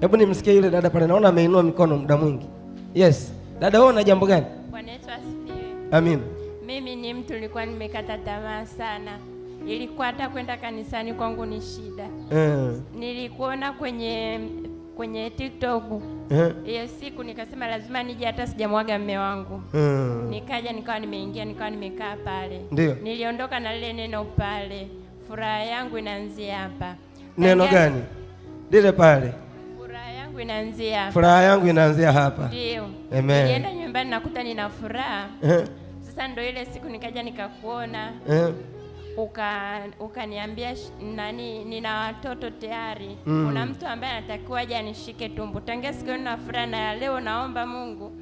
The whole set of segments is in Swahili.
Hebu nimsikie yule dada pale, naona ameinua mikono muda mwingi. Yes dada, wewe una jambo gani? Bwana asifiwe. amina Mimi ni mtu nilikuwa nimekata tamaa sana, ilikuwa hata kwenda kanisani kwangu ni shida. Mm. Nilikuona kwenye kwenye TikTok eh. hiyo mm. siku nikasema lazima nije, hata sijamwaga mme wangu mm. Nikaja nikawa nimeingia nikawa nimekaa pale, ndio niliondoka na lile neno pale. Furaha yangu inaanzia hapa. Neno gani lile pale? yangu inaanzia hapa. Furaha yangu inaanzia hapa. Ndio. Amen. Nienda nyumbani nakuta nina furaha. Eh. Sasa ndio ile siku nikaja nikakuona. Eh. Uka ukaniambia nani nina watoto tayari. Mm. Kuna mtu ambaye anatakiwa aje anishike tumbo. Tangia siku hiyo na furaha na leo naomba Mungu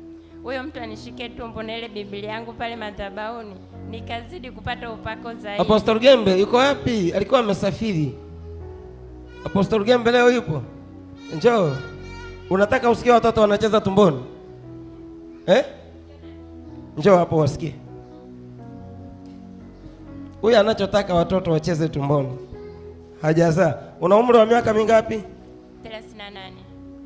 huyo mtu anishike tumbo na ile Biblia yangu pale madhabahuni nikazidi kupata upako zaidi. Apostle Gembe yuko wapi? Alikuwa amesafiri. Apostle Gembe leo yupo? Njoo. Unataka usikie watoto wanacheza tumboni eh? Njoo hapo wasikie. Huyu anachotaka watoto wacheze tumboni hajazaa. Una umri wa miaka mingapi? 38.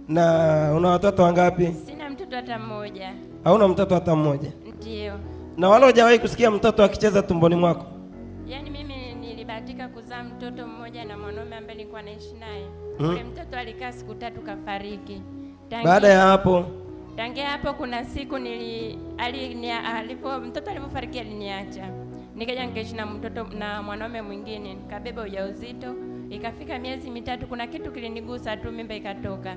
Na una watoto wangapi? Sina mtoto hata mmoja. Hauna mtoto hata mmoja? Ndio. Na wala hujawahi kusikia mtoto akicheza tumboni mwako? Yaani mimi nilibahatika kuzaa mtoto mmoja na mwanaume ambaye nilikuwa naishi naye mtoto alikaa siku tatu kafariki. Baada ya hapo tangia hapo kuna siku nili alipo mtoto alipofariki aliniacha, nikaja nikaishi na mtoto na mwanaume mwingine, nikabeba ujauzito. Ikafika miezi mitatu, kuna kitu kilinigusa tu, mimba ikatoka.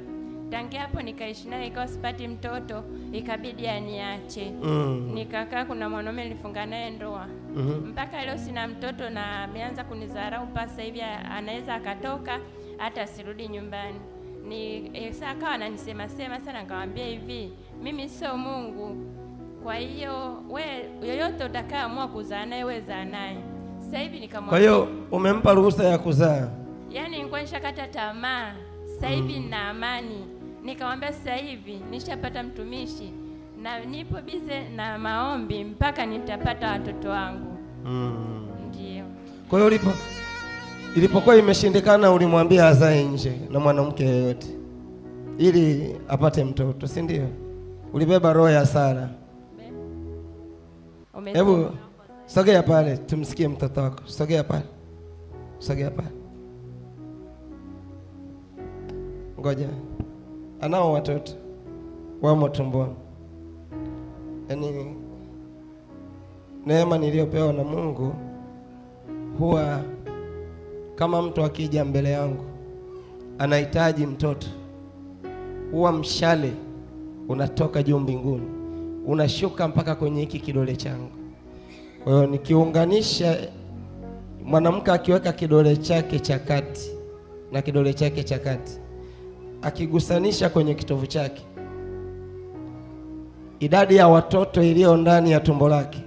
Tangia hapo nikaishi naye, ikawa sipati mtoto, ikabidi aniache. mm. Nikakaa, kuna mwanaume nilifunga naye ndoa mm -hmm. Mpaka leo sina mtoto na ameanza kunidharau pasa hivi, anaweza akatoka hata sirudi nyumbani. Ni Elsa eh, akawa ananisema sema sana, nikamwambia hivi, mimi sio Mungu, kwa hiyo we yoyote utakayeamua kuzaa naye we zaa naye. Sasa hivi nikamwambia, kwa hiyo umempa ruhusa ya kuzaa? yani nilikuwa nishakata tamaa, sasa mm. hivi mm. nina amani. Nikamwambia sasa hivi nishapata mtumishi na nipo bize na maombi mpaka nitapata watoto wangu. mm. Ndio. Kwa hiyo ulipo Ilipokuwa imeshindikana, ulimwambia azae nje na mwanamke yeyote ili apate mtoto, si ndio? Ulibeba roho ya Sara. Hebu sogea pale tumsikie mtoto wako. Sogea pale, sogea pale, ngoja. Anao watoto wamo tumboni, yaani neema niliyopewa na Mungu huwa kama mtu akija mbele yangu anahitaji mtoto, huwa mshale unatoka juu mbinguni unashuka mpaka kwenye hiki kidole changu. Kwa hiyo nikiunganisha, mwanamke akiweka kidole chake cha kati na kidole chake cha kati akigusanisha kwenye kitovu chake, idadi ya watoto iliyo ndani ya tumbo lake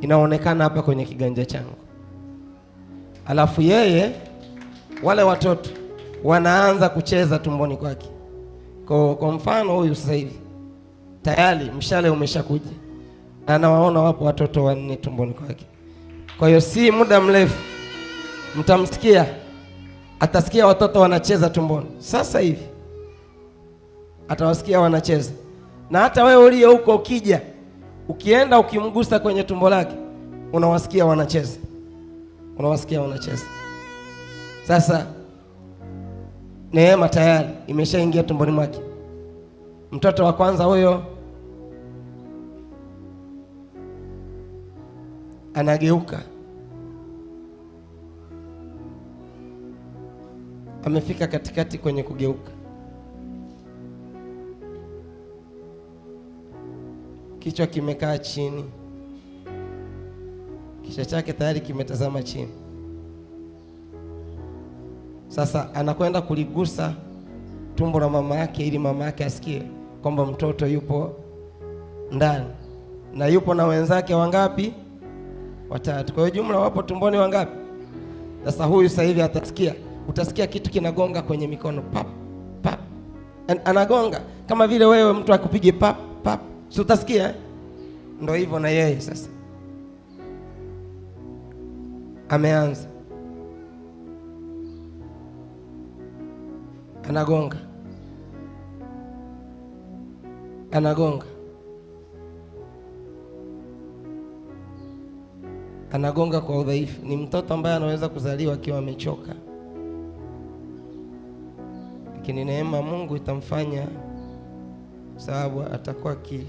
inaonekana hapa kwenye kiganja changu alafu yeye wale watoto wanaanza kucheza tumboni kwake. Kwa, kwa mfano huyu sasa hivi tayari mshale umeshakuja na nawaona wapo watoto wanne tumboni kwake. Kwa hiyo si muda mrefu mtamsikia atasikia watoto wanacheza tumboni. Sasa hivi atawasikia wanacheza, na hata wewe uliye huko ukija, ukienda ukimgusa kwenye tumbo lake, unawasikia wanacheza unawasikia wanacheza. Sasa Neema tayari imeshaingia tumboni mwake. Mtoto wa kwanza huyo anageuka, amefika katikati kwenye kugeuka, kichwa kimekaa chini kisha chake tayari kimetazama chini. Sasa anakwenda kuligusa tumbo la mama yake, ili mama yake asikie kwamba mtoto yupo ndani na yupo na wenzake wangapi? Watatu. Kwa hiyo jumla wapo tumboni wangapi? Sasa huyu sasa hivi atasikia, utasikia kitu kinagonga kwenye mikono pap pap, An anagonga kama vile wewe mtu akupige pap pap, si utasikia eh? Ndio hivyo na yeye sasa ameanza, anagonga anagonga anagonga kwa udhaifu. Ni mtoto ambaye anaweza kuzaliwa akiwa amechoka, lakini neema Mungu itamfanya sababu atakuwa ki,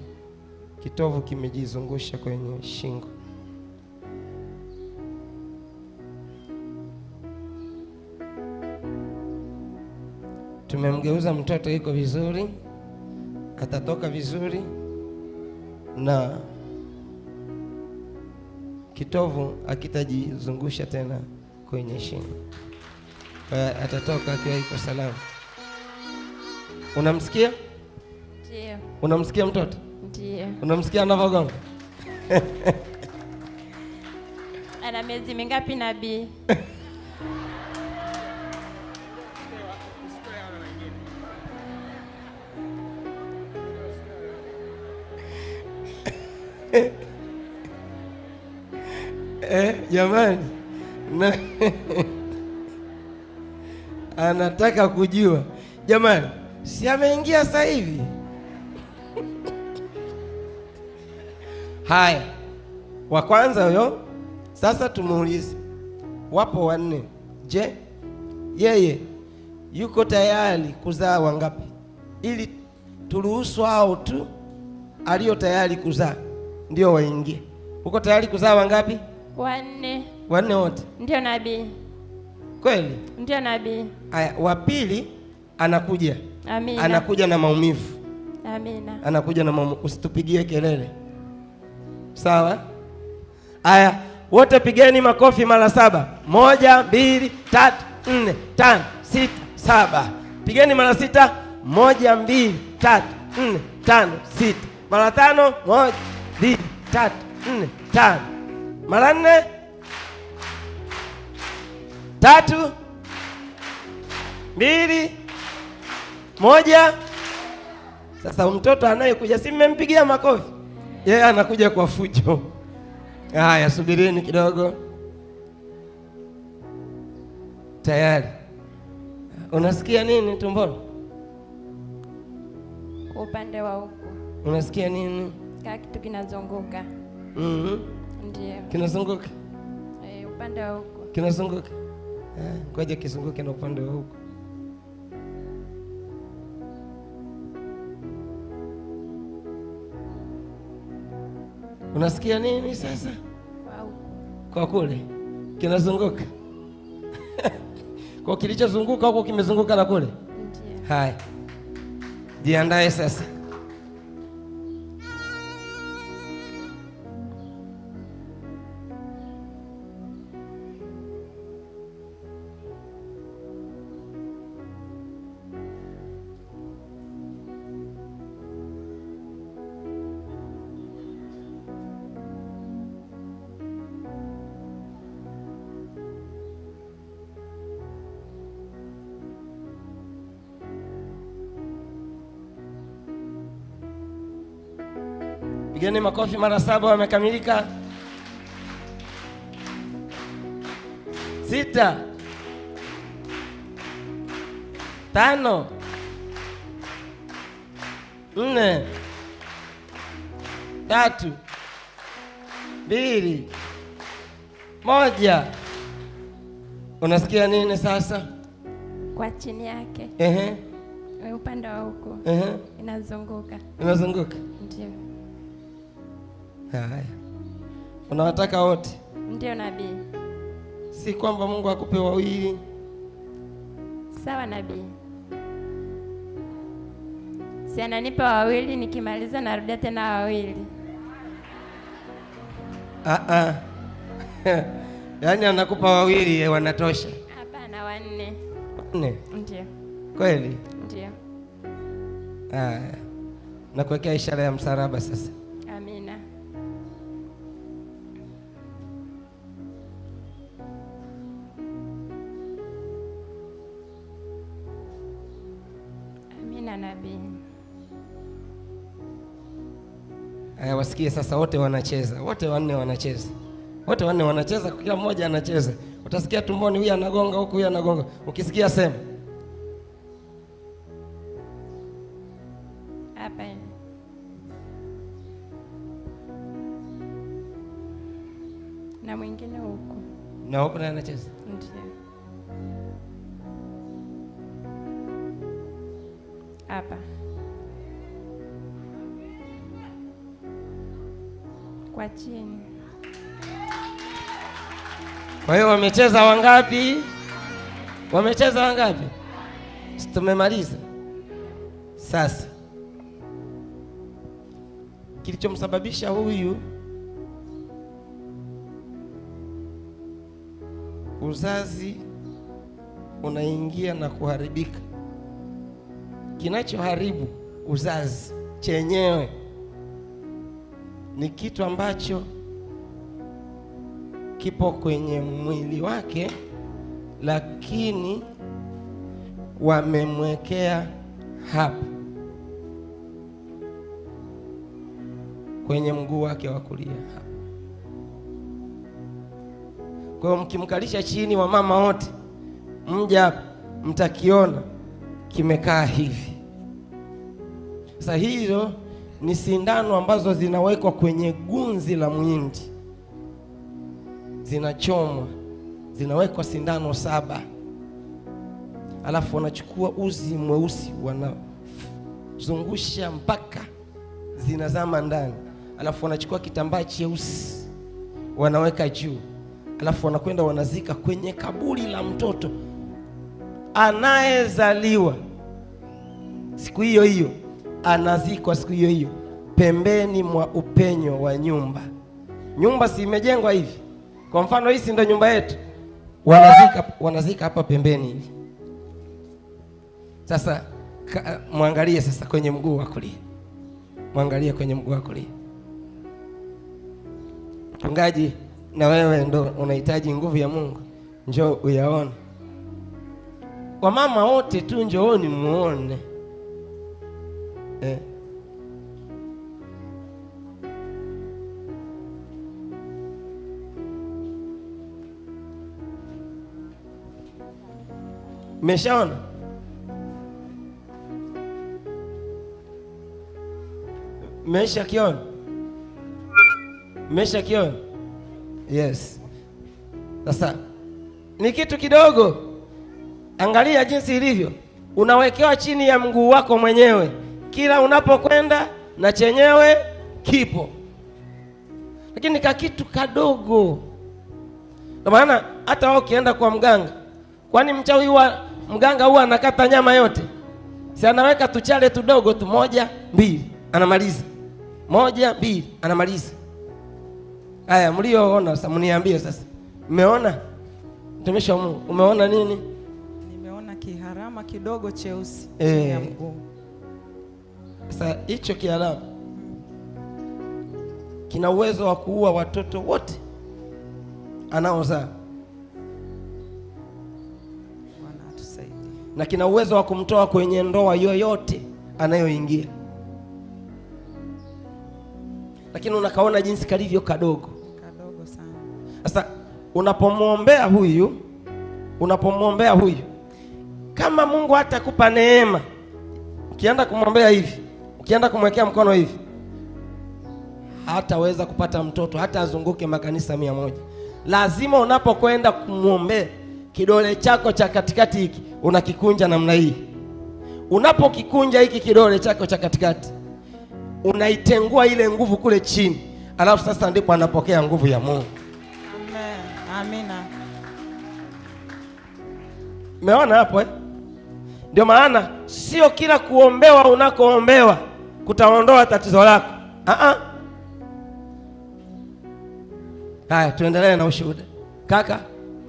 kitovu kimejizungusha kwenye shingo. tumemgeuza mtoto, yuko vizuri, atatoka vizuri, na kitovu akitajizungusha tena kwenye shingo, kwa atatoka akiwa yuko salama. Unamsikia? Ndio. Unamsikia mtoto? Ndio. Unamsikia anavogonga? Ana miezi mingapi nabii? jamani na anataka kujua jamani, si ameingia sasa hivi? Haya, wa kwanza huyo. Sasa tumuulize, wapo wanne. Je, yeye yuko tayari kuzaa wangapi, ili turuhusu hao tu alio tayari kuzaa ndio waingie? Uko tayari kuzaa wangapi? wanne, wanne wote ndio nabii kweli? Ndio nabii. aya wa pili anakuja. Amina. Anakuja na maumivu. Amina. Anakuja na maumivu. Usitupigie kelele, sawa? Haya, wote pigeni makofi mara saba. Moja, mbili, tatu, nne, tano, sita, saba. Pigeni mara sita. Moja, mbili, tatu, nne, tano, sita. Mara tano. Moja, mbili, tatu, nne, tano mara nne tatu mbili moja. Sasa mtoto anayekuja, si mmempigia makofi? Yeye yeah, anakuja kwa fujo. Haya, subirini kidogo. Tayari unasikia nini tumboni? Kwa upande wa huku unasikia nini? Kila kitu kinazunguka. mm -hmm. Ndiyo. Kinazunguka? Eh, upande wa huko. Kinazunguka? Eh, ngoja kizunguke na upande wa huko. Unasikia nini sasa? Kwa kule kinazunguka kwa kilichozunguka huko kimezunguka na kule. Haya, jiandae sasa. Pigeni makofi mara saba, wamekamilika. Sita, tano, nne, tatu, mbili, moja. Unasikia nini sasa? Kwa chini yake. Ehe. Upande wa huko. Ehe. Inazunguka. Inazunguka. Ndio. Haya, unawataka wote? Ndio nabii. Si kwamba Mungu akupe wawili? Sawa nabii, si ananipa wawili, nikimaliza narudia tena wawili. Ah ah. Yaani anakupa wawili eh, wanatosha? Hapana, wanne. Wanne? Ndio. Kweli? Ndio. Haya, nakuwekea ishara ya msalaba sasa. usikie sasa, wote wanacheza, wote wanne wanacheza, wote wanne wanacheza, kila mmoja anacheza. Utasikia tumboni, huyu anagonga huku, huyu anagonga. Ukisikia sema na mwingine huku na huku, naye anacheza chini. Kwa hiyo wamecheza wangapi? Wamecheza wangapi? tumemaliza sasa. Kilichomsababisha huyu uzazi unaingia na kuharibika, kinachoharibu uzazi chenyewe ni kitu ambacho kipo kwenye mwili wake, lakini wamemwekea hapa kwenye mguu wake wa kulia hapa. Kwa hiyo mkimkalisha chini, wa mama wote mja hapa, mtakiona kimekaa hivi. Sasa hilo ni sindano ambazo zinawekwa kwenye gunzi la mwindi, zinachomwa, zinawekwa sindano saba, alafu wanachukua uzi mweusi wanazungusha mpaka zinazama ndani, alafu wanachukua kitambaa cheusi wanaweka juu, alafu wanakwenda wanazika kwenye kaburi la mtoto anayezaliwa siku hiyo hiyo anazikwa siku hiyo hiyo pembeni mwa upenyo wa nyumba. Nyumba si imejengwa hivi? Kwa mfano hii si ndio nyumba yetu, wanazika wanazika hapa pembeni hivi. Sasa mwangalie sasa kwenye mguu wa kulia, mwangalie kwenye mguu wa kulia. Mchungaji, na wewe ndo unahitaji nguvu ya Mungu, njoo uyaone. Wamama wote tu njooni muone Mexe aqui, ó. kiona aqui, ó. yes. Sasa ni kitu kidogo, angalia jinsi ilivyo, unawekewa chini ya mguu wako mwenyewe kila unapokwenda na chenyewe kipo, lakini kakitu kadogo. Ndio maana hata wao ukienda kwa mganga, kwani mchawi huwa mganga huwa anakata nyama yote? Si anaweka tuchale tudogo tu, moja mbili, anamaliza moja mbili, anamaliza. Haya, mlioona sasa mniambie sasa, mmeona mtumishi wa Mungu, umeona nini? Nimeona kiharama kidogo cheusi e, eh. chini ya mguu sasa hicho kialamu kina uwezo wa kuua watoto wote anaozaa na kina uwezo wa kumtoa kwenye ndoa yoyote anayoingia, lakini unakaona jinsi kalivyo kadogo kadogo sana. Sasa unapomwombea huyu, unapomwombea huyu, kama Mungu hatakupa neema, ukienda kumwombea hivi ukienda kumwekea mkono hivi hataweza kupata mtoto, hata azunguke makanisa mia moja. Lazima unapokwenda kumwombea kidole chako cha katikati hiki unakikunja namna hii. Unapokikunja hiki kidole chako cha katikati, unaitengua ile nguvu kule chini, alafu sasa ndipo anapokea nguvu ya Mungu. Amina. Meona hapo eh? Ndio maana sio kila kuombewa unakoombewa kutaondoa tatizo lako. Ah, ah. Haya, tuendelee na ushuhuda kaka.